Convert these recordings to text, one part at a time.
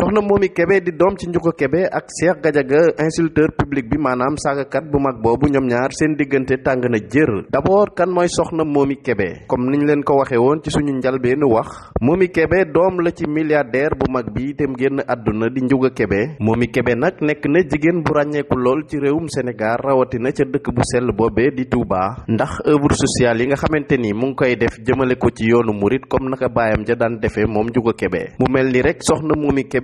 soxna Momy Kébé di doom ci njugo Kébé ak Cheikh Gadiaga insulteur public bi maanaam saagakat bu mag boobu ñoom ñaar seen diggante tàng na jër d'abord kan mooy soxna moomi kebe comme niñ leen ko waxee woon ci suñu njalbeenu wax Momy kebe doom la ci milliardaire bu mag bi te mu génn àdduna di Ndouko Kébé Momy kebe nag nekk na jigéen bu ràññeeku lool ci réewum Sénégal rawatina ca dëkk bu sell boobee di Touba ndax œuvre social yi nga xamante ni mu ngi koy def jëmale ko ci yoonu murit comme naka baayam ja daan defee moom Ndouko Kébé mu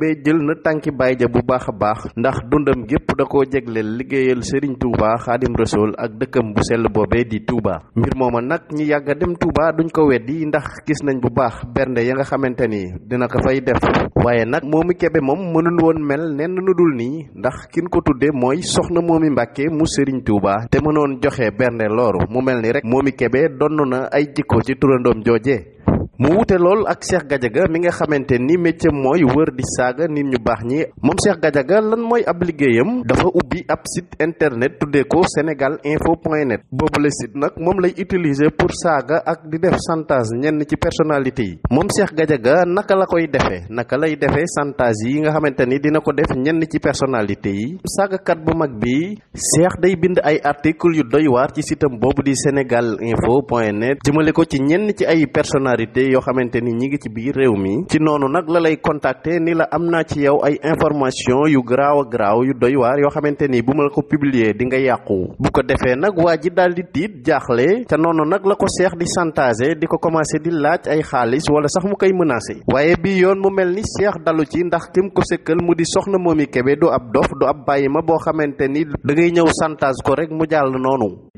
boobee jël na tànki baay ja bu baax a baax ndax dundam gépp da koo jegleel liggéeyal Serigne Touba Xaadim Rasuul ak dëkkam bu sell boobee di Touba mbir mooma nag ñi yàgg a dem Touba duñ ko weddi ndax gis nañ bu baax bernde ya nga xamante ni dina ko fay def waaye nag moomi kebe moom mënul woon mel nenn nu dul nii ndax kin ko tudde mooy soxna moomi Mbàkke mu Serigne Touba te mënoon joxe bernde loolu mu mel ni rek moomi kebe donn na ay jikko ci turandoom jooje mu wute lool ak Cheikh Gadiaga mi nga xamante ni métier mooy wër di saaga nit ñu baax ñi moom Cheikh Gadiaga lan mooy ab liggéeyam dafa ubbi ab site internet tuddee ko Sénégal info point net boobu la site nag moom lay utiliser pour saaga ak di def chantage ñenn ci personnalité yi moom Cheikh Gadiaga naka la koy defee naka lay defee chantage yi nga xamante ni dina ko def ñenn ci personnalité yi saagakat bu mag bi Cheikh day bind ay article yu doy waar ci sitam boobu di Sénégal info point ko ci ñenn ci ay personnalité société yoo xamante ni ñi ngi ci biir réew mi ci noonu nag la lay ni la am naa ci yow ay information yu garaaw a garaaw yu doy waar yoo xamante ni bu ma ko publier di nga yàqu bu ko defee nag waa ji daal di tiit jaaxle ca noonu nag la ko seex di chantage di ko commencé di laaj ay xaalis wala sax mu koy menacé waaye bi yoon mu mel ni seex dalu ci ndax kim ko sëkkal mu di soxna Momy Kébé du ab dof du ab bàyyi ma boo xamante ni dangay ngay ñëw chantage ko rek mu jàll noonu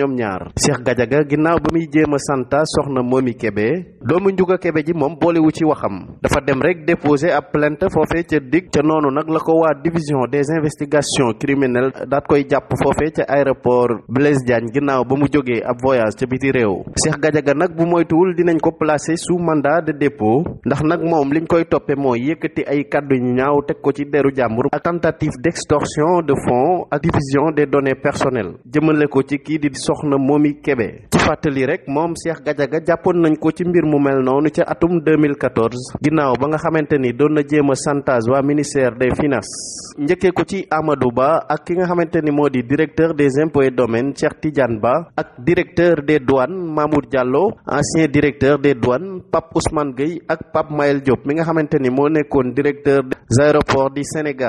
ñoom ñaar Cheikh Gadiaga ginnaaw ba muy jéem a santa soxna moomi Kébé doomu Ndiouga kebe ji moom boolewu ci waxam dafa dem rek déposé ab plainte foofee ca dig ca noonu nag la ko waa division des investigations criminelles daat koy jàpp foofee ca aéroport Blaise Diagne ginnaaw ba mu jógee ab voyage ca biti réew Cheikh Gadiaga nag bu moytuwul dinañ ko placer sous mandat de dépôt ndax nag moom liñ koy toppe mooy yëkkati ay kàddu ñu ñaaw teg ko ci deru jàmbur ak tentative d'extorsion de fonds ak division des données personnelles jëmale ko ci kii di soxna Momi Kébé ci fàttali rek moom Cheikh Gadiaga jàppoon nañ ko ci mbir mu mel noonu ca atum 2014 ginnaaw ba nga xamante ni doon na jéem a chantage waa ministère des finances njëkkee ko ci Amadou Ba ak ki nga xamante ni moo di directeur des impôts et domaines Cheikh Ba ak directeur des douanes Mamour Diallo ancien directeur des douanes Pape Ousmane Gueye ak pap Mayel Diop mi nga xamante ni moo nekkoon directeur des aéroports di Sénégal